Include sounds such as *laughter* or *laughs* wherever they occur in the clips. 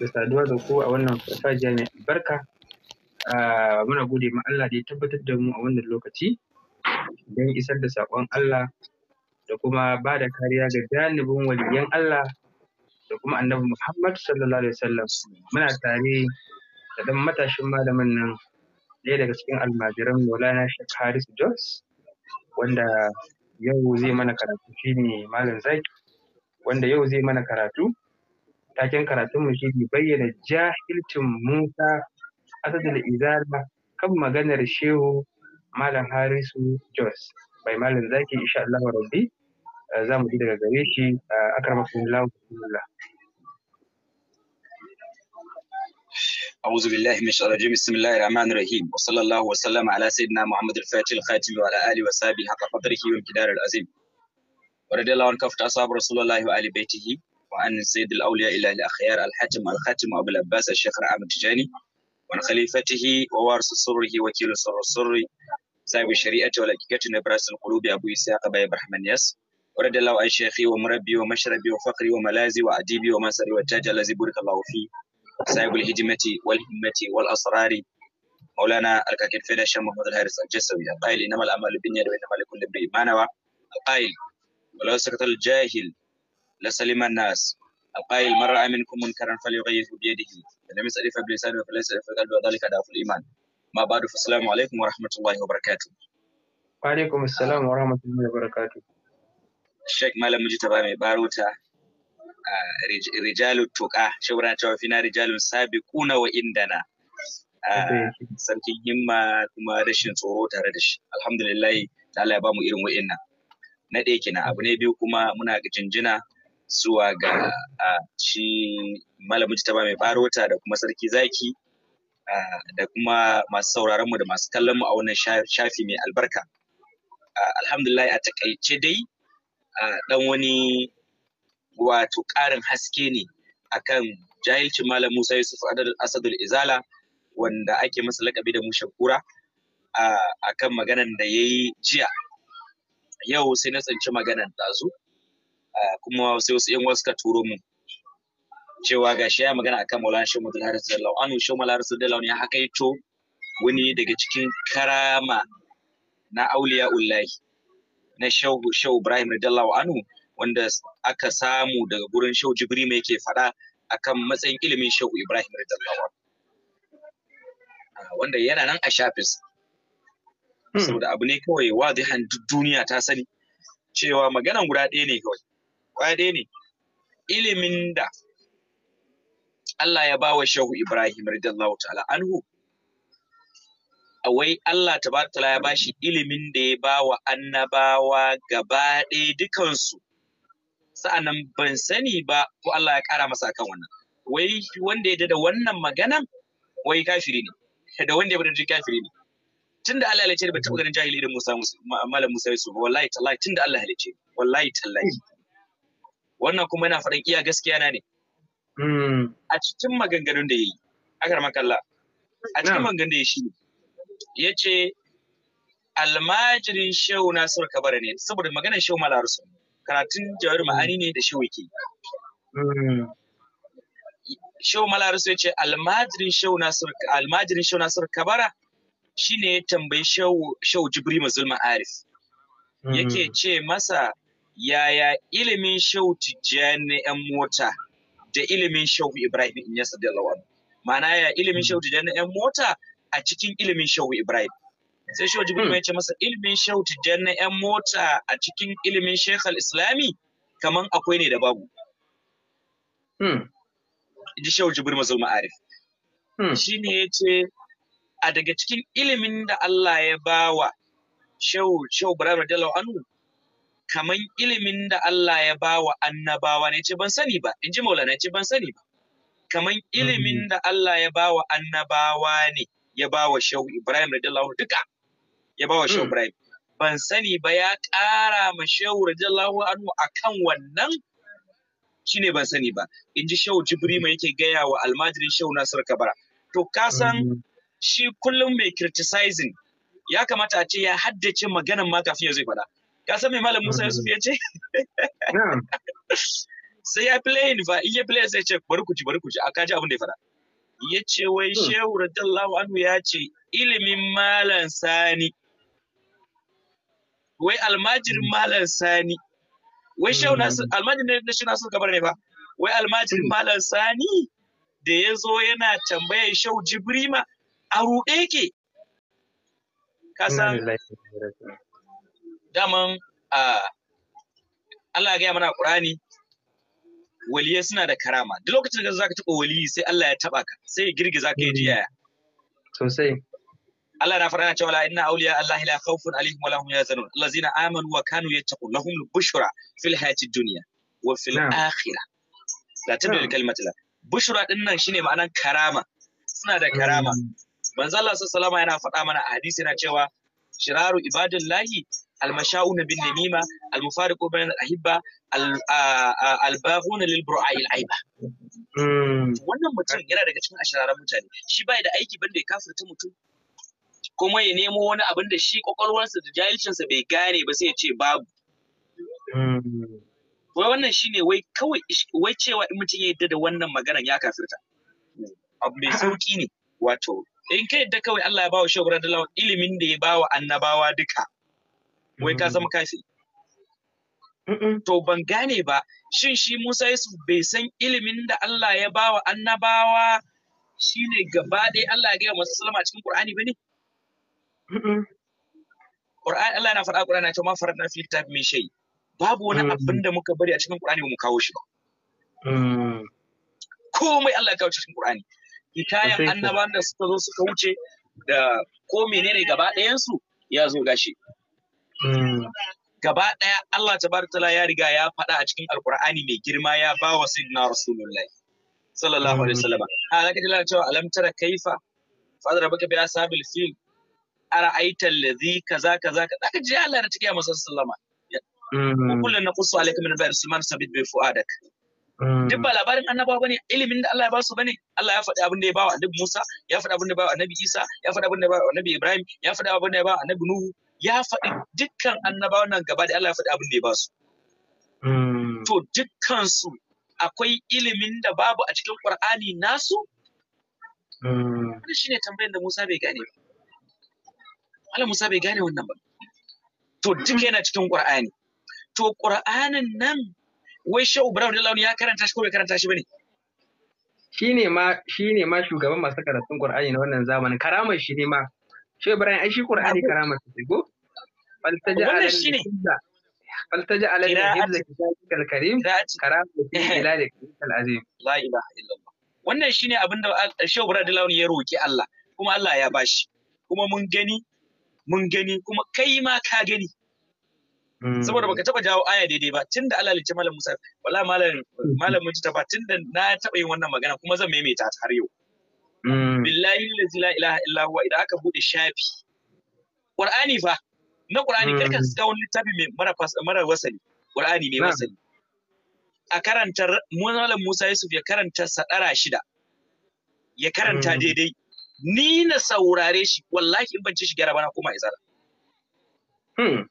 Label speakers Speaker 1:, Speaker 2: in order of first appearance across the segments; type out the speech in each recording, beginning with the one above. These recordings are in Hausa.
Speaker 1: da saduwa da ku a wannan farfajiya mai albarka muna gode ma Allah da ya tabbatar da mu a wannan lokaci don isar da saƙon Allah da kuma ba da kariya ga janibin waliyan Allah da kuma annabi Muhammad sallallahu alaihi wasallam muna tare da ɗan matashin malamin nan ɗaya daga cikin almajiran Maulana Sheikh Haris Jos wanda yau zai mana karatu shine Malam Zaki wanda yau zai mana karatu taken karatunmu shi ne bayyana jahilcin Musa Asadul Izara kan maganar Shehu Malam Harisu Jos bai Malam Zaki insha Allah rabbi eh, za mu ji daga gare shi eh, akramakumullahu billah
Speaker 2: أعوذ بالله من الشيطان wa بسم الله الرحمن الرحيم وصلى الله وسلم على سيدنا محمد الفاتح الخاتم وعلى آله وصحبه حق قدره والكدار العظيم ورد الله عن كفة أصحاب رسول الله وآل بيته وعن السيد الأولياء إلى الأخيار الحاتم الخاتم أبو العباس الشيخ رحمة التجاني وعن خليفته ووارث سره وكيل سر السر صاحب الشريعة والحقيقة نبراس القلوب أبو إسحاق باي إبراهيم ياس ورد الله عن شيخي ومربي ومشربي وفقري وملازي وأديبي ومسري والتاج الذي بورك الله فيه صاحب الهجمة والهمة والأسرار مولانا الكاكين فينا شام محمد الهارس الجسوي القائل إنما الأعمال بالنية وإنما لكل امرئ ما نوى القائل ولو سكت الجاهل لسلم الناس القائل من رأى منكم منكرا فليغيره بيده فلم يستألف بلسانه فليس يستألف بقلبه وذلك ضعف الإيمان ما بعد فالسلام عليكم ورحمة الله وبركاته
Speaker 1: وعليكم السلام ورحمة الله وبركاته
Speaker 2: الشيخ مالا مجتبى من باروتا رجال التقى شورا توفينا رجال سابقون وإندنا sarkin himma kuma rashin tsoro tare da shi alhamdulillah Allah ya bamu irin wa'innan na ɗaya kenan abu ne biyu kuma muna jinjina zuwa ga shi malamin ba mai barota da kuma sarki zaki da kuma masu sauraron mu da masu kallon mu a wannan shafi mai albarka alhamdulillah a takaice dai dan wani wato ƙarin haske ne akan jahilcin malam Musa Yusuf Asadul Izala wanda ake masa lakabi da mushan kura akan maganan da yayi jiya yau sai na tsanci maganan ɗazu Ah, kuma sai wasu yan wasu ka turo mu cewa ga shi ya magana akan Maulana Shehu Muhammad da Dallau anu Shehu Muhammad da Dallau ne haka to wani daga cikin karama na auliya ullahi na Shehu Shehu Ibrahim Dallau anu wanda aka samu daga gurin Shehu Jibril mai ke faɗa akan matsayin ilimin Shehu Ibrahim da Dallau ah, wanda yana nan a shafis hmm. saboda abu ne kawai wadihan duk duniya ta sani cewa maganan guda ɗaya ne kawai ɗaya ne ilimin da Allah ya bawa Shehu Ibrahim radiyallahu ta'ala anhu awai Allah tabaraka ya bashi ilimin da ya bawa annabawa gaba ɗaya dukansu sa'annan ban sani ba ko Allah ya ƙara masa kan wannan wai wanda ya da wannan maganan wai kafiri ne da wanda ya bada kafiri ne Tun da Allah ya halice ba taɓa ganin jahili irin Musa malam Musa Yusuf wallahi tallahi da Allah ya halice wallahi tallahi wannan kuma yana faɗin iya gaskiya na ne hmm. a cikin maganganun da ya yi aka rama kalla, a cikin maganganun da ya shi ne. ya ce almajirin shehu nasiru kabara ne saboda maganar shehu malarusu karatun jawar hmm. ma'ani ne da shehu yake hmm. shehu malarusu ya ce almajirin shehu nasiru almajirin shehu nasiru kabara shine ya tambayi shehu shehu jibri mazul ma'arif yake ce masa yaya ilimin shehu tijjani yan mota da ilimin shehu ibrahim in yasa da lawan ma'ana ya ilimin shehu tijjani yan mota a cikin ilimin shehu ibrahim sai shehu jibril ya ce masa ilimin shehu tijjani yan mota a cikin ilimin shekhal islami kaman akwai ne da babu hmm. ji shehu jibril mazal ma'arif hmm. shine ya ce a daga cikin ilimin da Allah ya bawa shehu shehu ibrahim radiyallahu anhu kaman ilimin da Allah ya ba wa annabawa ne ce ban sani ba in ji maulana ce ban sani ba kaman ilimin mm-hmm. da Allah ya ba wa annabawa ne ya ba wa shehu Ibrahim radiyallahu duka ya ba wa shehu mm. Ibrahim ban sani ba ya ƙara ma shehu radiyallahu anhu akan wannan shine ban sani ba in ji Jibril Jibrima yake gaya wa almajirin shehu Nasir Kabara to ka san mm-hmm. shi kullum mai criticizing ya kamata a ce ya haddace maganan ma kafin ya zai faɗa ka san me malam Musa Yusuf ya ce sai ya play ni fa in ya play sai ce bari ku ci bari ku ci a ji abin da ya faɗa ya ce wai hmm. shehu radiyallahu anhu ya ce ilimin malam sani wai almajirin hmm. malam sani wai shehu hmm. nasir almajirin na shi nasir gabar ne fa? wai almajirin malam sani da ya zo yana tambayar shehu jibrima a ruɗe ka san daman Allah ya gaya mana Qur'ani waliyai suna da karama duk lokacin da zaka taɓa waliyi sai Allah ya taɓa ka sai girgiza ka ya ji yaya sosai Allah na fara cewa la inna awliya Allah la khawfun alaihim wa lahum yazanun allazina amanu wa kanu yattaqun lahum bushra fil hayatid dunya wa fil akhirah la tabdil kalimatu la bushra din nan shine ma'anan karama suna da karama mm. manzo Allah sallallahu alaihi wasallam yana faɗa mana a hadisi yana cewa shiraru ibadillahi المشاؤون بالنميمة المفارق بين الأحبة الباغون للبرعاء العيبة wannan mutum yana daga cikin ashirarren mutane shi bai da aiki banda ya kafirta mutum kuma ya nemo wani abin da shi kwakwalwarsa da jahilcinsa bai gane ba sai ya ce babu hmm. wai wannan shine wai kawai wai cewa in mutum ya yadda da wannan maganar ya kafirta abu mai sauki ne wato in ka yadda kawai Allah ya bawa shehu ilimin da ya bawa annabawa duka wai ka zama mm-hmm. kafi? to ban gane ba shin shi Musa Yusuf bai san ilimin da Allah ya ba wa annabawa shi ne gaba ɗaya Allah ya gaya mas'u salama cikin ba ne? Kur'ani Allah na faɗa Qur'ani ta ma faradna fi fita mai shai. babu wani abin da muka bari a cikin ƙur'ani ba mu kawo shi ba mm. komai Allah ya kawo cikin ƙur'ani. hikayan annabawan da suka zo suka wuce da ko menene gaba ɗayansu ya zo gashi Mm. gaba ɗaya Allah tabaratala ya riga ya faɗa a cikin alkur'ani mai girma ya ba wa sayyidina rasulullahi sallallahu alaihi wasallam a zaka ji cewa alam tara kaifa fadra baka bi ashabil fil ara aita allazi kaza kaza ka zaka ji Allah na tike masa sallama
Speaker 3: mm. kullun
Speaker 2: naqussu alaikum min ba'd sulman sabit bi fuadak mm. duk ba labarin annabawa bane ilimin da Allah ya ba su bane Allah ya faɗi abin da ya ba wa annabi Musa ya faɗi abin da ya ba wa annabi Isa ya faɗi abin da ya ba wa annabi Ibrahim ya faɗi abin da ya ba wa annabi Nuhu ya faɗi dukkan annabawan nan gaba da Allah ya faɗi abin da ya ba su mm. to dukkan su akwai ilimin da babu a cikin Qur'ani nasu mm. wannan shine tambayar da Musa bai gane ba Allah Musa bai gane wannan ba to duk yana cikin Qur'ani to Qur'anin nan wai Shehu Ibrahim Dalauni ya karanta shi ko bai karanta shi bane shi ne
Speaker 1: ma shi ne ma shugaban masu karatun Qur'ani na wannan zamanin karamar shi ne ma Shehu Ibrahim ai shi Qur'ani karamar shi ko faltaji alal hibza faltaji alal hibza
Speaker 2: kitabikal karim karam da bilal kal azim la wannan shine abin da Shehu Ibrahim ya roki Allah kuma Allah ya bashi kuma mun gani mun gani kuma kai ma ka gani saboda baka taba jawo aya daidai ba tun da Allah ya malam Musa wala malam malam mun ta ba tun da na taba yin wannan magana kuma zan maimaita ta har yau billahi la ilaha illa huwa idan aka bude shafi qur'ani fa na Qur'ani kar ka hmm. ga wani littafi mai mara mara wasali Qur'ani mai wasali a karanta Malam Musa Yusuf ya karanta sadara shida ya karanta hmm. daidai ni na saurare shi wallahi in ban ci shi gyara bana kuma ya
Speaker 1: hmm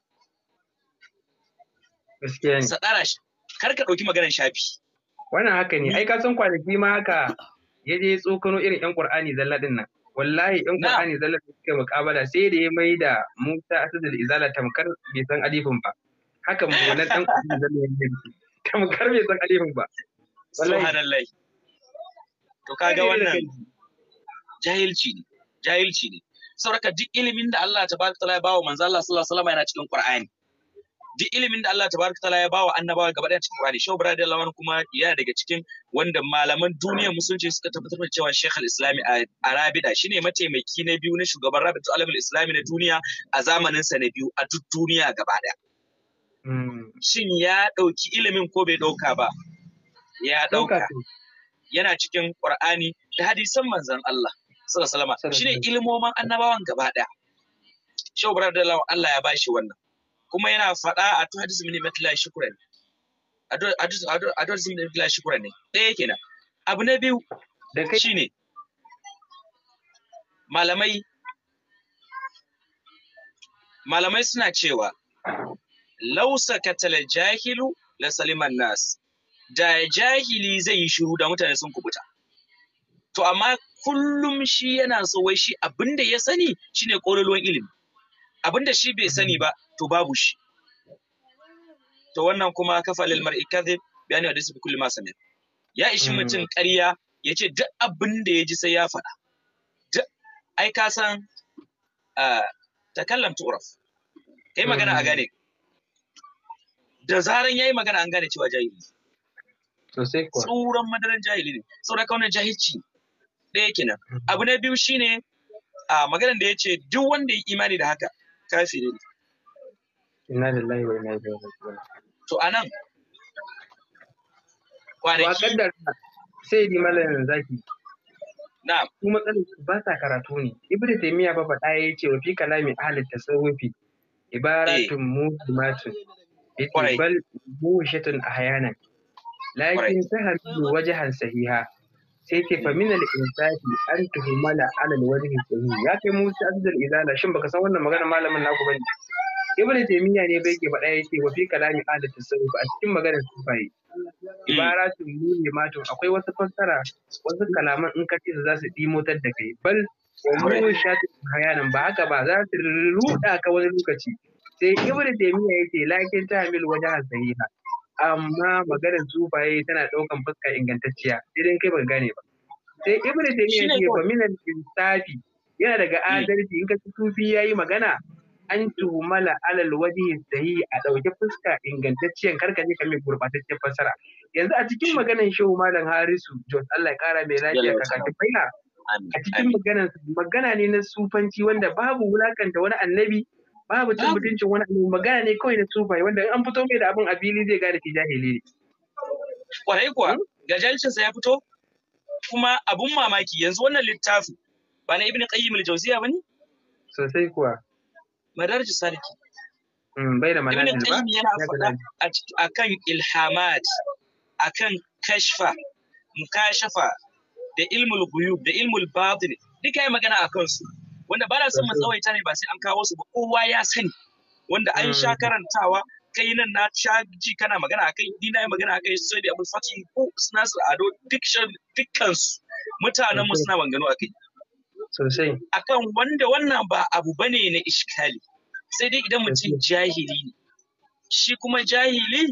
Speaker 1: gaskiya sadara shi kar ka dauki maganar shafi wannan haka ne ai ka san kwanaki ma haka ya je tsokano irin yan Qur'ani zalla din nan wallahi in Qur'ani zalla da suka muƙabala sai da ya mai da Musa Asadul Izala tamkar bai san alifin ba hakan mu nan dan Qur'ani zalla ya mai tamkar bai san alifin ba subhanallahi
Speaker 2: to kaga wannan jahilci ne jahilci ne saboda duk ilimin da Allah Ta taala ya bawa manzo Allah sallallahu alaihi wasallam yana cikin Qur'ani duk ilimin da Allah tabaraka taala ya bawa annabawa gaba daya cikin Qur'ani Shehu da Lawan kuma yana daga cikin wanda malaman duniyar musulunci suka tabbatar da cewa Sheikh al-Islami a Rabida shine mataimaki na biyu na shugaban Rabitu Alamul Islami na duniya a zamanin sa na biyu a duk duniya gaba daya hmm. shin ya dauki ilimin ko bai dauka ba ya dauka yana cikin Qur'ani da hadisan manzon Allah sallallahu alaihi wasallam shine ilmoman annabawan gaba daya Shehu Ibrahim Allah ya bashi wannan kuma yana faɗa a to hadisin min matla shukran a to hadisin min matla shukran ne ɗaya kenan abu na biyu da kai shine malamai malamai suna cewa lausa katal jahilu la saliman nas da jahili zai yi shiru da mutane sun kubuta to amma kullum shi yana so wai shi abinda ya sani shine kololuwan ilimi abinda shi bai sani ba to babu shi to wannan kuma kafa lil mar'i kadhib bayani hadisi bi kulli ma sami ya ishi hmm. mutum ƙarya yace duk abin da ya ji sai ya faɗa ai ka san ah, takallam tu'raf kai magana a hmm. gane da zaran yayi magana an gane cewa jahili sai ko tsuran madaran jahili ne saboda kaunar jahilci ɗaya kenan hmm. abu na biyu shine a ah, maganar da yace duk wanda ya imani da haka kafiri ne
Speaker 1: inna lillahi wa zaki su matsalar ba sa karatu ne ibnu taymiya ba faɗa ya ce wa fi kalami ahli tasawufi ibaratun eh. muhimmatun bal muhishatun ahyanan lakin tahamilu wajhan sahiha sai ce fa insafi an tuhuma ala wani wajhi sahih ya kai musu asdal izala shin baka san wannan magana malamin naku ne ibnu taymiya ne bai ke faɗa yace wa fi kalami ala tasawuf a cikin maganar sufai ibaratun nuni mato akwai wasu fassara wasu kalaman in ka ce za su dimotar da kai bal wa mu shatu hayanan ba haka ba za su ruda ka wani lokaci sai ibnu taymiya yace lakin ta hamil wajha sahiha amma maganar zubaye tana ɗaukan fuska ingantacciya idan kai baka gane ba sai ibnu taymiya ce ba minan insafi yana daga hmm. adalci in ka sufi yayi magana an tuhumala alal wajhi sahi a ɗauki fuska ingantacciyan karka je kamar gurbataccen fasara yanzu a cikin maganar shehu malam harisu jos Allah ya kara mai lafiya kaka faina a cikin maganar magana ne na sufanci wanda babu wulakanta wani annabi babu cin mutuncin wani abu magana ne kawai na tufai wanda an fito mai da abin abili zai gane ke jahili ne
Speaker 2: kwarai kuwa hmm? gajalcinsa ya fito kuma abun mamaki yanzu wannan littafi ba na ibn qayyim al-jawziya bane sosai kuwa madarji sarki hmm, bai da manhaj ba ibn qayyim yana faɗa akan ilhamat akan kashfa mukashafa da ilmul ghuyub da ilmul batin duka yi magana akan su wanda ba na son mu tsawaita ne ba sai an kawo su ba kowa ya sani wanda an sha mm. karantawa kai nan na sha ji kana magana akai ni na yi magana kai, sai da abul fatih ko nasir ado dukkan su mutanen mu suna a akai sosai akan wanda wannan ba abu bane na iskali sai dai idan mutum jahili ne shi kuma jahili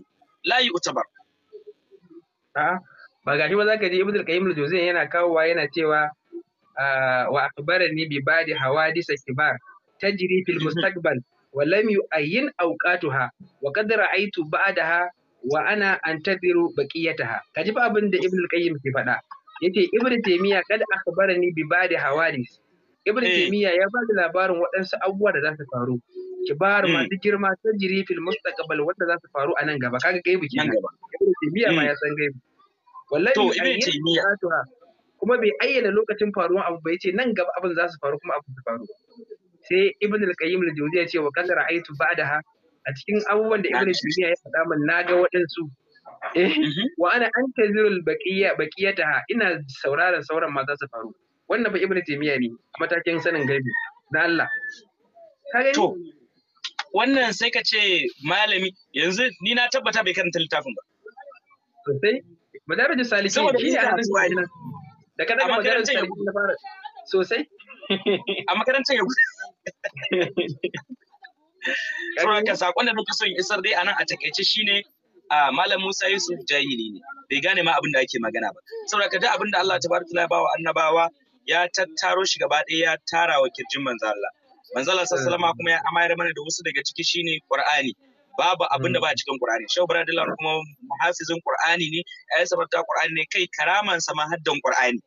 Speaker 2: layi utabar a'a ba gashi ba zaka ji
Speaker 1: ibnu al-qayyim al-juzayy yana kawowa yana cewa wa akhbarani bi ba'di hawadisa kibar tajri fil mustaqbal wa lam yu'ayyin awqatuha wa qad ra'aytu ba'daha wa ana antadiru baqiyataha kaji fa abin da ibn al-qayyim ke faɗa yace ibn taymiya kad akhbarani bi ba'di hawadis ibn taymiya ya bada labarin waɗansu abubuwa da za su faru kibar masu girma tajri fil mustaqbal wanda za su faru a nan gaba kaga gaibu kenan ibn taymiya ma ya san gaibu wallahi to ibn taymiya kuma bai ayyana lokacin faruwan abu bai ce nan gaba abin za su faru kuma abu zai faru sai ibn al-qayyim al jawziyya ya ce wa qad ra'aytu ba'daha a cikin abubuwan da ibn al jawziyya ya faɗa min naga waɗansu eh, mhm. wa ana antaziru al-baqiyya baqiyataha ina sauraron sauran ma
Speaker 2: za su faru wannan fa ibn taymiya ne a matakin sanin gaibi na Allah to wannan sai ka ce malami yanzu ni na tabbata bai karanta littafin ba sosai madarajin salihin shi ne a hannun Da ka daga
Speaker 1: ya fara sosai. *laughs* A makarantar ya gudu.
Speaker 2: Sau Ka saƙon da muka son isar dai anan a takaice shine a Malam Musa Yusuf jahili ne bai gane ma abin da ake magana ba. Saboda da abin da Allah tabaraka ya bawa annabawa ya tattaro shi gaba ɗaya ya tara wa kirjin manzo Allah. Manzo Allah sallallahu alaihi kuma ya amayar mana da wasu daga ciki shine Qur'ani. babu abin da hmm. ba a cikin Qur'ani Shehu Bradillah kuma muhafizin Qur'ani ne ya sabata Qur'ani ne kai karaman sa ma haddan Qur'ani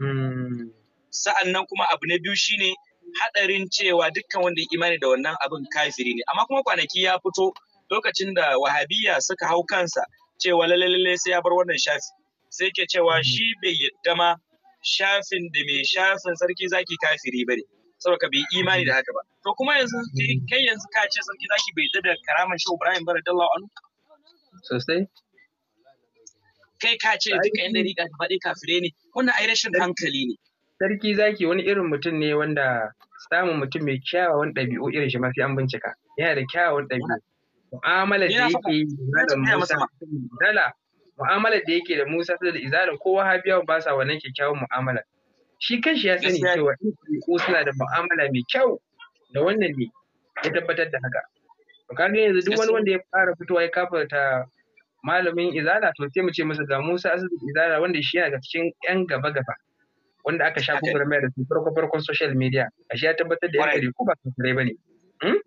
Speaker 2: hmm. sa'annan kuma abu na biyu shine hadarin cewa dukkan wanda ya imani da wannan abin kafiri ne amma kuma kwanaki ya fito lokacin da wahabiyya suka hau kansa cewa lalle sai ya bar wannan shafi sai ke cewa hmm. shi bai yadda ma shafin da mai shafin sarki zaki kafiri bane saboda bai imani da haka ba to kuma yanzu kai mm. yanzu ka ce sarki zaki bai da karaman shehu ibrahim baradallahu Anu sosai kai ka ce duka inda riga gaba faɗi kafire ne wannan ai rashin hankali ne
Speaker 1: sarki zaki wani irin mutum ne wanda samun mutum mai kyawawan ɗabi'u irin shi ma sai an bincika yana da kyawawan ɗabi'u mu'amala da yake yi da Musa dala mu'amala da yake da Musa da Izalin kowa ha ba sa wannan kyakkyawan mu'amala shi kanshi ya sani cewa in ko suna da mu'amala mai kyau da wannan ne ya tabbatar da haka to kaga yanzu duk wani wanda ya fara fitowa ya kafarta malamin izala to sai mu ce masa ga Musa Asadu izala wanda shi yana cikin yan gaba gaba wanda aka sha kofar mai da su farko farkon social media a shi ya tabbatar da yan ko ba ba ne? Hmm?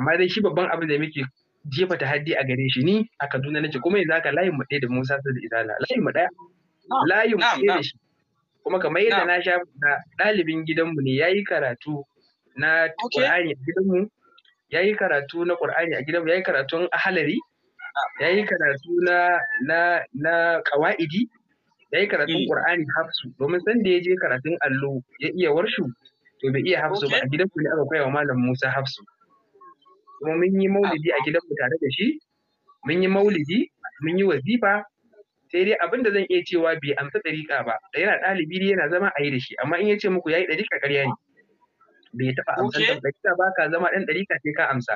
Speaker 1: amma dai shi babban abin da muke jefa ta haddi a gare shi ni a Kaduna ce. kuma yanzu aka layin mu ɗaya da Musa Asadu izala layin mu ɗaya ah, layin mu ɗaya da shi kuma kamar yadda na sha ɗalibin gidanmu ne ya yi karatu na ƙur'ani a gidanmu ya yi karatu na ƙur'ani a gidanmu ya yi karatun ahalari ya yi karatu na na na ƙawa'idi ya yi karatun ƙur'ani eh. hafsu domin san da ya je karatun allo ya iya warshu to bai iya hafsu ba a gidanmu ne aka koya wa malam Musa hafsu kuma mun yi maulidi a gidanmu tare da shi mun yi maulidi mun yi wazifa sai dai abin da zan iya cewa bai amsa ɗariƙa ba da yana ɗalibi ne yana zama a yi da shi amma in ya ce muku ya yi ɗariƙa ƙarya ne bai taɓa amsa ɗariƙa ba ka zama ɗan ɗariƙa sai ka amsa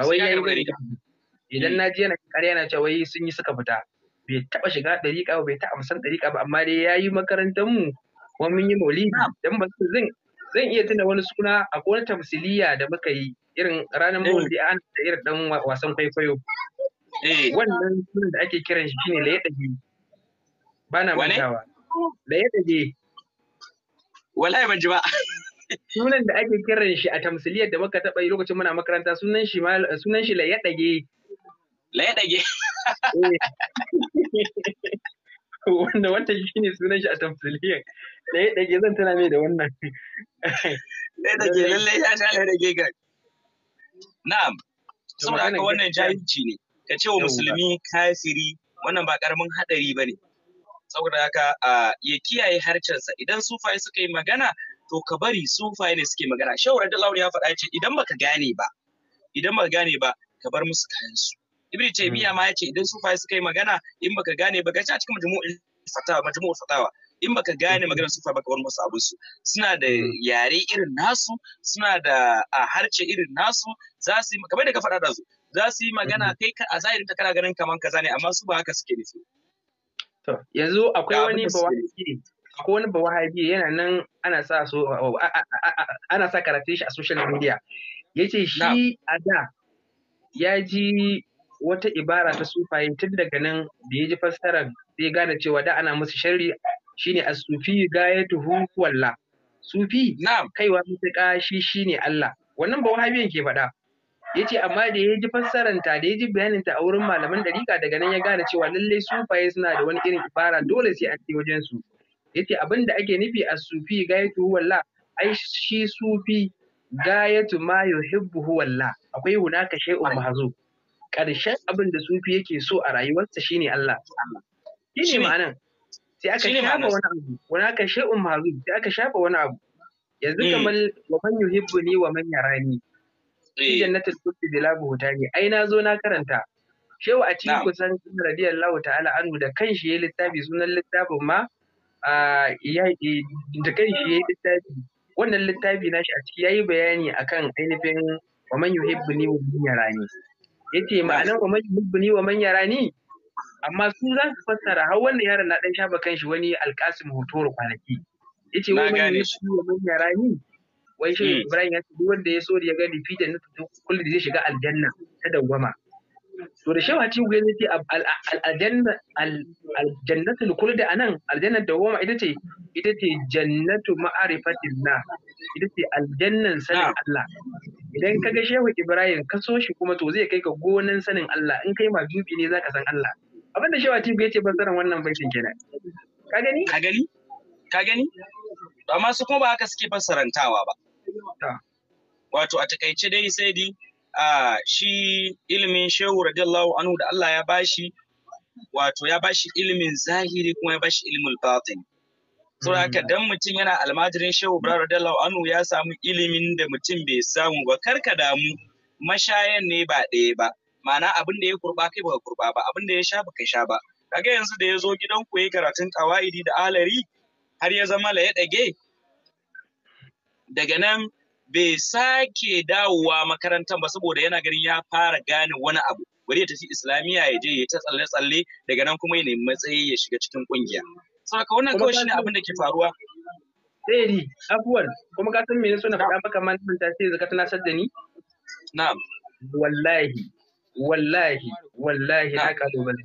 Speaker 3: ba wai ya yi ɗariƙa
Speaker 1: idan eh. na ji yana ƙarya na cewa wai sun yi suka fita bai taɓa shiga ɗariƙa ba bai taɓa amsan ɗariƙa ba amma dai ya yi makarantar mu kuma mun yi maulidi dan ba zan zan iya tuna wani suna a wani tamsiliya da muka yi irin ranar eh. maulidi an da irin dan wasan kwaikwayo eh. wannan sunan da ake kiran shi shine laye ɗari ba na mantawa da ya daje wallahi ban ji ba sunan da ake kiran shi a tamsiliyar da muka taɓa yi lokacin muna makaranta sunan shi sunan shi laye ɗage laye ɗage eh. *laughs* wanda wata shi ne sunan shi a tamsiliyar laye ɗage zan tana mai da wannan
Speaker 2: laye ɗage lallai ya sha laye ɗage ga na'am
Speaker 1: saboda haka wannan jahilci
Speaker 2: ne ka ce wa musulmi kafiri wannan ba karamin haɗari ba ne saboda haka ya kiyaye harcensa idan sufaye suka yi magana to ka bari sufaye ne suke magana shawarar da lauri ya faɗa ce idan baka gane ba idan baka gane ba ka bar musu kayan su ibn taymiya hmm. ma ya ce idan sufaye suka yi magana in baka gane ba gaci a cikin majmu'ul fatawa majmu'ul fatawa in baka gane hmm. maganar ba baka bar musu abin su suna da hmm. yare irin nasu suna da harce irin nasu za su yi kamar da ka faɗa da su za su yi magana kai a zahirin ta kana ganin kaman kaza ne amma su ba haka suke nufi yanzu akwai wani
Speaker 1: akwai wani bawahabi yana nan ana sa so ana sa karatun shi a social media. Yace shi a da ya ji wata ibara ta sufaye tun daga nan da ya ji fassara sai gane cewa da ana musu sharri shine as-sufi tuhu walla. Sufi kaiwa mutaka shi shine Allah. Wannan bawahabiyan ke faɗa. ya ce amma da ya ji fassaranta da ya ji bayaninta a wurin malaman dariƙa daga nan ya gane cewa lallai sufaye suna da wani irin ibara dole sai an je wajen su ya ce abin da ake nufi a sufi gayatu walla ai shi sufi gayatu ma yuhibbu walla akwai hunaka shay'un mahzu karshen abin da sufi yake so a rayuwarsa shine Allah shine ma'anan sai aka shafa wani abu hunaka shay'un mahzu sai aka shafa wani abu yanzu hmm. kamar wa man ni wa man yarani fi eh. da labu huta ne, ai na zo na karanta shewa a cikin kusan radiyallahu ta'ala anhu da kan shi yayi littafi sunan littafin ma ya da shi yayi littafi wannan littafi na shi a ciki yayi bayani akan ainihin wa man ni wa man yarani yace ma'anar wa man ni wa man yarani amma su za su fassara har wannan yaron na dan shafa kanshi wani alkasim hotoro kwanaki yace wa man ni wa man yarani wai shi hmm. Ibrahim ya ce duk wanda ya so da ya gani fi kullum kullu zai shiga aljanna ta dawwama to da shawa ci zai ce aljannatu kullu da anan aljannar da goma ita ce ita ce jannatu ma'arifatin na ita ce aljannan sanin Allah idan ka ga shehu Ibrahim ka so shi kuma to zai kai ka gonan sanin Allah in kai ma dubi ne zaka san Allah abinda shawa ci ya ce bazaran wannan baitin kenan ka gani ka gani
Speaker 2: ka gani amma su kuma ba haka suke fassarantawa ba Wato a takaice dai sai di shi ilimin shehu radiyallahu anhu da Allah ya bashi wato ya bashi ilimin zahiri kuma ya bashi ilimin batin. So haka hmm. dan mutum yana almajirin shehu radiyallahu anhu ya samu ilimin da mutum bai samu ba karka damu mashayan ne ba ɗaya ba. Ma'ana abin da ya kurba kai ba kurba ba abin da ya sha ba kai sha ba. Kaga yanzu da ya zo gidan ku yayi karatun kawaidi da alari har ya zama la ya ɗage daga nan bai sake dawowa makarantar ba saboda yana ganin ya fara gane wani abu bari ya tafi islamiyya ya je ya ta tsalle-tsalle daga nan kuma ya nemi matsayi ya shiga cikin kungiya saka wannan kawai shine abin da ke
Speaker 1: faruwa Tseri, eh, Afuwar, kuma ka san me suna faɗa maka man ta sai zaka tana da ni? Na'am. Wallahi, wallahi, wallahi na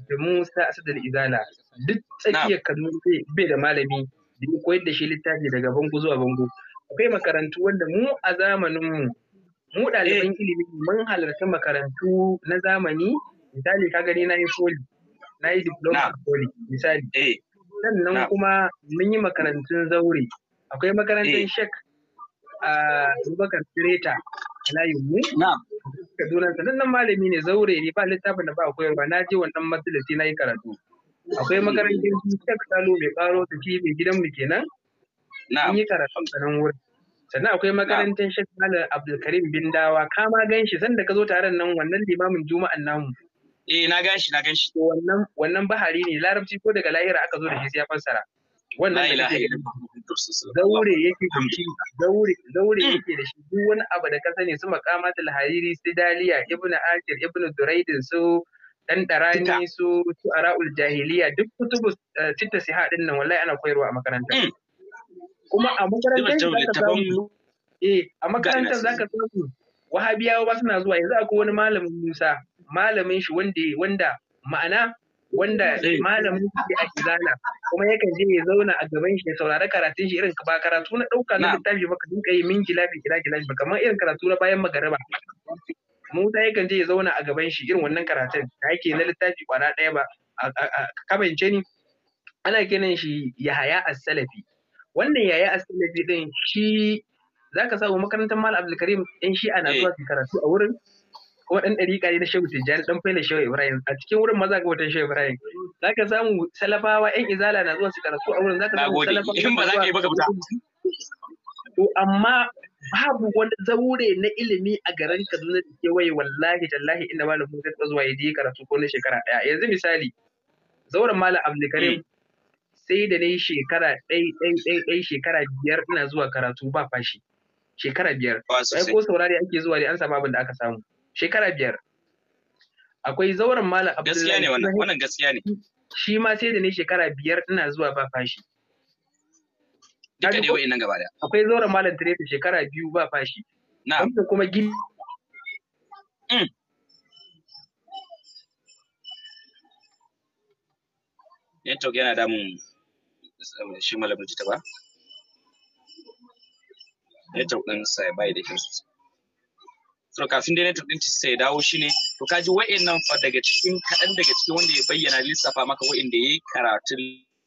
Speaker 1: Da Musa Asadul izana duk tsakiyar Kaduna bai da malami da ya koyar da shi littafi daga bango zuwa bango akwai makarantu wanda mu a zamaninmu mu ɗaliban eh. ilimi mun halarci makarantu na zamani misali ka gani na yi foli na yi diploma foli misali eh. sannan kuma mun yi makarantun zaure akwai makarantun eh. shek a abubakar tireta a layin mu kaduna sanannan malami ne zaure ne ba littafin da ba koyarwa na je wannan matsalasi na yi karatu akwai makarantun shek salo mai karo ta mai mu kenan yi karatun a wurin. Sannan akwai makarantar Sheikh Malam Abdulkarim Bindawa ka ma gan shi sanda ka zo taron nan wannan limamin juma'an namu.
Speaker 2: Eh na gan shi na gan shi.
Speaker 1: Wannan wannan bahari ne larabci ko daga lahira aka zo da shi sai ya
Speaker 2: fassara. Wannan da kake
Speaker 1: daure yake da shi daure daure hmm. yake da shi duk wani abu da ka sani su makamatul hariri su daliya ibnu akir ibnu duraidin su dan darani su su ara'ul jahiliya duk kutubu titta eh, siha din nan wallahi ana koyarwa a makarantar. Hmm. kuma a makarantar za ka samu eh a makarantar za ka samu wahabiyawa ba suna zuwa yanzu akwai wani malamin Musa malamin shi wanda wanda ma'ana wanda eh. malamin shi a kizana kuma yakan je ya zauna a gaban shi ya saurari karatun shi irin ba karatu na dauka na littafi ba ka dinka yi min gilafi gila gilafi ba kamar irin karatu na bayan magariba Musa yakan je ya zauna a gaban shi irin wannan karatun da ake na littafi kwana ɗaya ba a kamance ni ana kenan shi haya as-Salafi wannan yaya astrology din shi za ka samu makarantar Malam Abdulkarim ɗan shi'a na zuwa eh. su karatu a wurin kuma ɗan ɗari ƙari na Shehu Tijjani ɗan faila Shehu Ibrahim a cikin wurin maza ga wata Shehu Ibrahim za ka samu salafawa ƴan izala na zuwa su karatu a wurin za ka samu salafawa in ba za ka yi to amma babu wani zaure na ilimi a garin Kaduna da kewaye wallahi tallahi inda malamin zai zuwa ya je karatu ko na shekara ɗaya yanzu misali zauren Malam Abdulkarim eh. sai da na yi shekara ɗai shekara biyar ina zuwa karatu ba fashi shekara biyar ai ko saurari ake zuwa dai an samu abin da aka samu shekara biyar akwai zauren malam abdullahi gaskiya ne wannan wannan gaskiya ne shi ma sai da ni shekara biyar ina zuwa ba fashi duka dai wa'in nan gaba da akwai zauren malam tirefi shekara biyu ba fashi na wanda kuma
Speaker 2: gini mm. network yana damun shi malam ta ba network din sa bai da kyau sosai kafin dai network din sai dawo shi ne, to kaji wa'annan fa daga cikin kaɗan daga cikin wanda ya bayyana lissafa maka wa'anda yayi karatun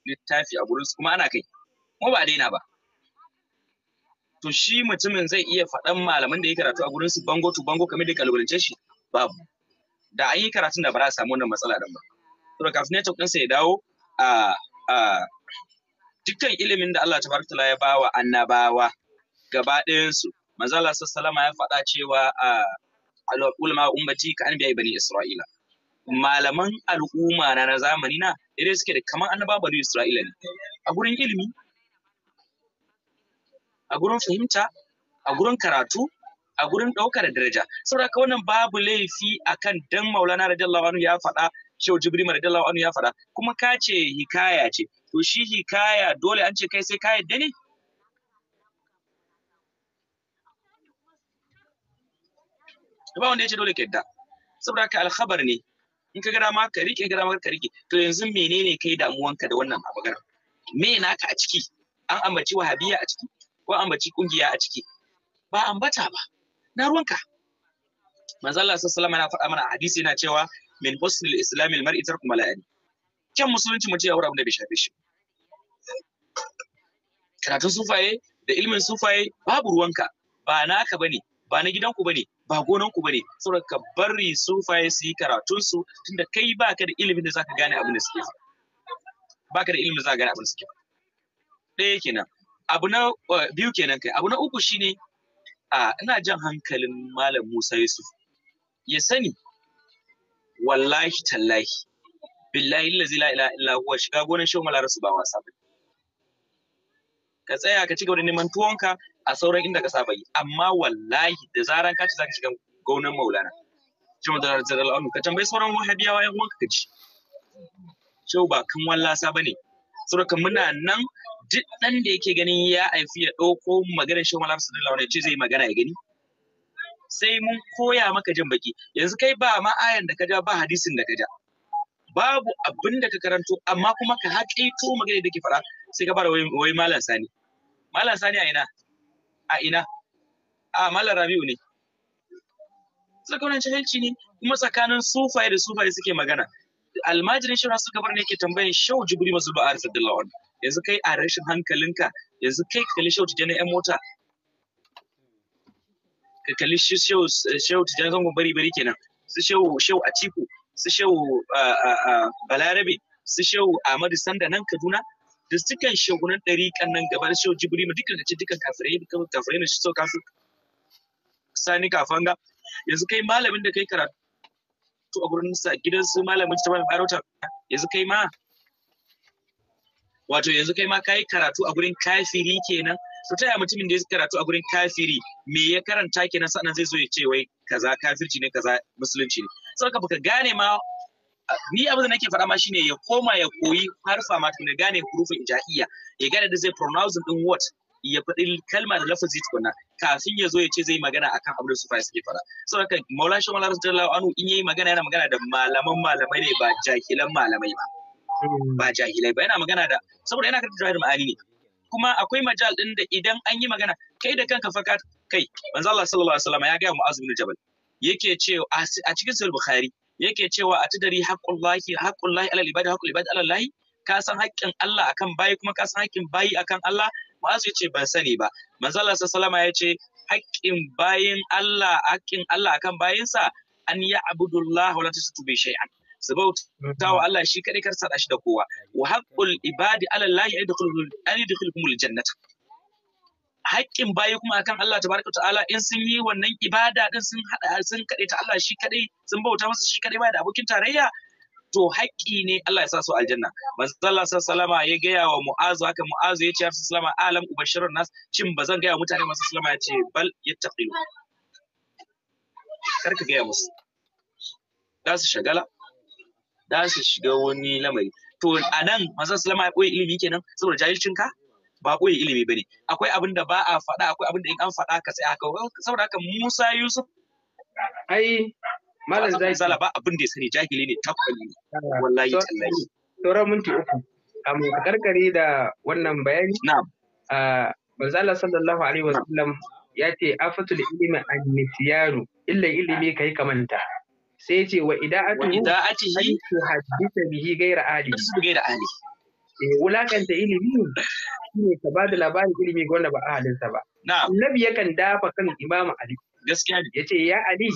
Speaker 2: littafi a gurin kuma ana kai kuma ba daina ba to shi mutumin zai iya faɗan malaman da ya karatu a gurin su bango to bango kamar da kalubalance shi babu da an yi karatun da ba za a samu wannan matsala din ba to kafin network din sai dawo a a dukkan ilimin da Allah tabaraka ya bawa annabawa gaba ɗayansu manzala sallama ya faɗa cewa a ulama ummati ka anbiya bani isra'ila malaman al'umma na na zamani na irin suke da kamar annabawa bani isra'ila ne a gurin ilimi a gurin fahimta a gurin karatu a gurin ɗaukar daraja saboda wannan babu laifi akan dan maulana radiyallahu anhu ya faɗa shehu jibril radiyallahu anhu ya faɗa kuma ka ce hikaya ce to shi hikaya dole an ce kai sai ka yadda ne ba wanda ya ce dole ka yadda saboda ka alkhabar ne in ka gara ma ka rike gara ma ka rike to yanzu menene kai damuwanka da wannan abagar? me naka a ciki an ambaci wahabiya a ciki ko an ambaci kungiya a ciki ba ambata ba na ruwanka manzo Allah sallallahu alaihi wasallam yana faɗa mana a hadisi yana cewa min husnul islamil mar'i tarku mala'ani cikakken musulunci mace ya abin da bai shafe shi karatun sufaye da ilimin sufaye babu ruwanka ba naka bane ba na gidanku bane ba gonanku bane saboda ka bari sufaye su yi karatunsu tunda kai baka da ilimin da zaka gane abin da suke faɗa baka da ilimin da zaka gane abin da suke faɗa ɗaya kenan abu na biyu kenan kai abu na uku shine a ina jan hankalin malam Musa Yusuf ya sani wallahi tallahi billahi allazi la ilaha illa huwa shiga gonan shehu malaran su ba wasa ba ka tsaya ka cigaba da neman tuwonka a sauran inda ka saba yi amma wallahi da zaran ka ci zaka shiga gonan maulana shehu da radiyallahu anhu ka tambayi sauran wahabiyawa yan wanka ka ci shehu ba kan wallasa bane kan muna nan duk ɗan da yake ganin ya haifi ya ɗauko maganar shehu malaran su da ce zai magana ya gani sai mun koya maka jin baki yanzu kai ba ma ayan da ka ja ba hadisin da ka ja babu abin da ka karanto amma kuma ka haƙaito magana da ke fara sai ka fara wai malam sani malam sani a ina a ina a malam rabi'u ne tsakanin jahilci ne kuma tsakanin sufaye da sufaye suke magana almajirin shi rasu gabar ne ke tambayan shau jibri masu ba'a da yanzu kai a rashin hankalinka yanzu kai ka kalli shau na yan mota ka kalli shau na zangon bari bari kenan su shau shau a ciku su shehu balarabe su shehu ahmadu sanda nan kaduna da sukan shehunan ɗari kan nan gaba da shehu ma dukkan da ce dukkan kafirai kafirai ne shi so kafin sani kafanga yanzu kai malamin da kai karatu a gurin sa gidan su malamin ta bani barota yanzu kai ma wato yanzu kai ma kai karatu a gurin kafiri kenan to taya mutumin da ya karatu a gurin kafiri me ya karanta kenan sannan zai zo ya ce wai kaza kafirci ne kaza musulunci ne saka baka gane ma ni abin da nake faɗa ma shine ya koma ya koyi harfa ma tun gane hurufin ijahiya ya gane da zai pronouncing din what ya faɗi kalma da lafazi tukuna kafin ya zo ya ce zai magana akan abin da su fa'i suke faɗa saboda maulana shi maulana radiyallahu anu in yayi magana yana magana da malaman malamai ne ba jahilan malamai ba ba jahilai ba yana magana da saboda yana karanta jahilin ma'ani ne kuma akwai majal din da idan an yi magana kai da kanka fa kai manzo Allah sallallahu alaihi wasallam ya ga mu azmin jabal yake cewa a cikin sahih bukhari yake cewa a tudari haqqullahi haqqullahi alal ibadi haqqul ibadi alal lahi ka san haƙƙin Allah akan bayi kuma ka san haƙƙin bayi akan Allah ma'azu ce ban sani ba manzo Allah sallama yace haƙƙin bayin Allah haƙƙin Allah akan bayinsa an ya'budullah wa la tushriku bi shay'an su wa Allah shi kadai kar sada shi da kowa wa haqqul ibadi ala Allah an yadkhuluhum aljannata haƙƙin bayi kuma akan Allah tabaraka ta'ala in sun yi wannan ibada din sun hada sun kade ta Allah shi kadai sun bauta masa shi kadai ba da abokin tarayya to haƙƙi ne Allah ya sa su aljanna manzo Allah alaihi ya gaya wa mu'azu haka mu'azu ya ce ya sallama alam ubashirun nas cin bazan gaya mutane masu sallama ya ce bal yattaqiyu kar ka gaya musu za su shagala za su shiga wani lamari to a nan manzo alaihi ya koyi ilimi kenan saboda jahilcin ka ba koyi ilimi bane akwai abin da ba a faɗa akwai abin da in an faɗa ka sai haka saboda haka Musa Yusuf ai malam zai zala ba abin da ya sani jahili ne tabbali ah, wallahi tallahi
Speaker 1: sauran minti uku am karkare da wannan bayani na'am ah, manzala sallallahu alaihi wasallam ya ce afatul ilmi an nisyaru illa ilimi kai kamanta sai ce wa ida'atu wa ida'atihi hadithu bihi ghayra ali gaira ali Eh, wulakanta ilimi shine ka ba da labarin ilimi ga wanda ba ahalinsa ba annabi yakan dafa kan imamu ali gaskiya ne ya ali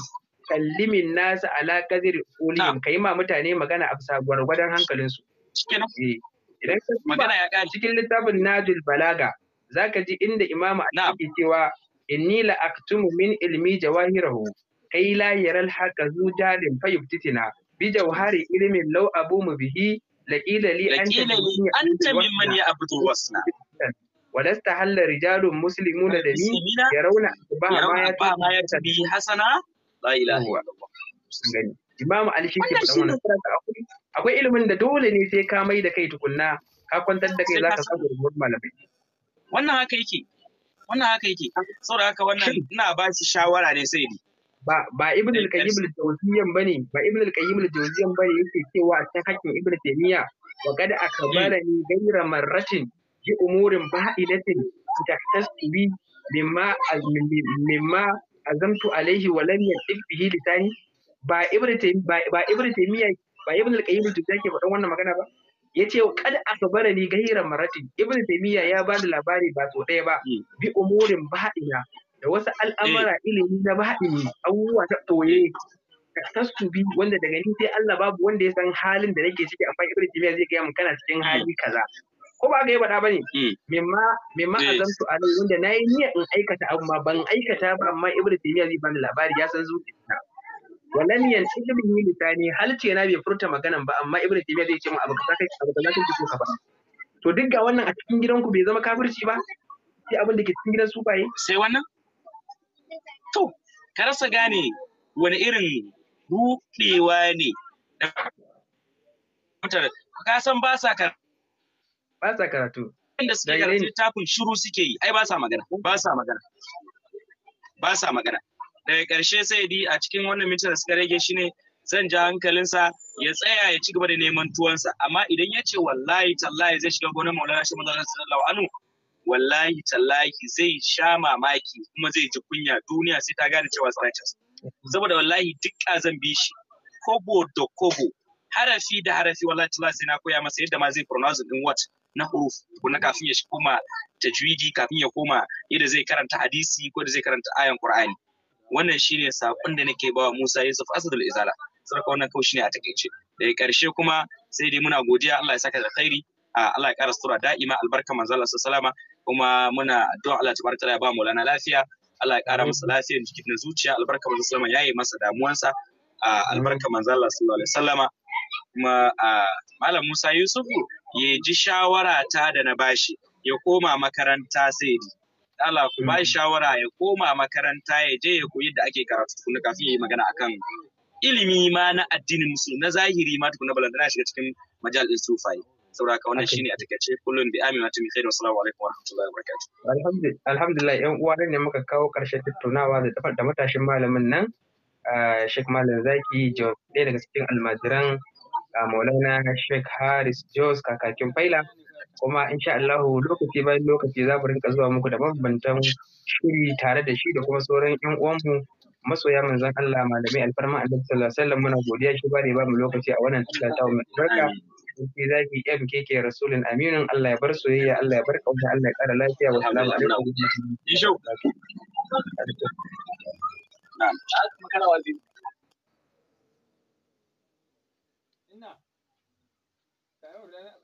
Speaker 1: kallimin nasa ala kadir ulihim kai ma mutane magana a bisa gwargwadon su. Eh, idan ka magana ya kare cikin littafin najul balaga zaka ji inda imamu ali yake cewa inni la aktumu min ilmi jawahirahu kai la yaral haka zu jalin bi jawhari ilmin law abu mu bihi لقيل لي أنت أنت من يعبد الوثن ولست هل رجال مسلمون دمي يرون أشبه ما يتبي حسنا لا إله إلا الله Imam akwai ilimin da dole ne sai ka mai da kai tukunna ka kwantar da kai za ka
Speaker 2: malamai wannan haka yake wannan haka haka wannan na shawara ne sai
Speaker 1: ba ba ibn al-qayyim al-jawziyyan bane ba ibn al-qayyim al-jawziyyan bane yake cewa a cikin hakkin ibn taymiya wa kad ni ghayra marratin bi umurin ba'idatin taktasbi bima mimma azamtu alayhi wa lam yadib bihi litani ba ibn taymiya ba ibn taymiya ba ibn al-qayyim al-jawziyyan ke faɗan wannan magana ba yace ce akbara ni ghayra marratin ibn taymiya ya bani labari ba so ɗaya ba bi umurin ba'ida da wasu al'amura eh. ilimi na ba'ini abubuwa ta ɓoye taskubi wanda daga ni sai Allah babu wanda ya san halin da nake ciki amma Ibn Taymiyyah zai gaya mun kana cikin hmm. hali kaza ko ba ga yi ba bane hmm. mimma mimma azamtu nan wanda nayi niyya in aikata abu ma ban aikata ba amma Ibn Taymiyyah zai bani labari ya san Wala wannan yan cikin ni lisani halce na bai furta maganan ba amma Ibn Taymiyyah zai ce mu abu kaza kai abu kaza kai ko ka ba to duk ga wannan a cikin gidanku bai zama kafirci ba
Speaker 2: sai abin da ke cikin gidan su baye sai wannan to ka rasa gane wani irin rudewa ne da ka san ba sa karatu ba sa karatu inda suke karatu littafin shiru suke yi ai ba sa magana ba sa magana ba sa magana daga ƙarshe sai di a cikin wannan mintar da suka rage shi ne zan ja hankalinsa ya tsaya ya ci gaba da neman tuwansa amma idan ya ce wallahi tallahi zai shiga gonar maulana shi maulana sallallahu anhu wallahi tallahi zai sha mamaki kuma zai ji kunya duniya sai ta gane cewa righteous saboda wallahi duk zan bi shi kobo da kobo harafi da harafi wallahi tallahi sai na koya masa yadda ma zai pronounce din what na huruf ko na kafin ya koma tajwidi kafin ya koma yadda zai karanta hadisi ko da zai karanta ayan qur'ani wannan shine sakon da nake bawa Musa Yusuf Asadul Izala sarka wannan kawai shine a takeice daga karshe kuma sai dai muna godiya Allah ya saka da khairi ah, Allah ya kara sura da'ima albarka manzo Allah sallama kuma muna don Allah ta ta'ala ya ba Maulana lafiya Allah ya kara masa lafiya jiki na zuciya albarka manzo sallama yayi masa damuwansa albarka manzo Allah sallallahu alaihi wasallama kuma malam Musa Yusufu ya ji shawara ta da na bashi ya koma makaranta sai Allah ku ba shawara ya koma makaranta ya je ya koyi da ake karatu tukuna kafin ya yi magana akan ilimi ma na addinin musulmi na zahiri ma tukuna na shiga cikin majal din sufai saboda haka wannan shine a takaice kullun bi amina tumi khairu assalamu alaikum warahmatullahi wabarakatuh
Speaker 1: alhamdulillah yan uwa ne muka kawo karshen tattaunawa da matashin malamin nan Sheikh Malam Zaki Jos ɗaya daga cikin almajiran Maulana Sheikh Haris Jos kakakin faila kuma insha Allah lokaci bayan lokaci za mu rinka zuwa muku da mabambantan shiri tare da shi da kuma sauran yan uwanmu masoya manzon Allah malamai alfarma annabi sallallahu alaihi wasallam muna godiya shi bare ba mu lokaci a wannan tattaunawa mai barka sarki zaki MKK rasulun aminin Allah ya bar soyayya Allah ya bar kauta Allah ya kara lafiya wa salamu alaikum Ina,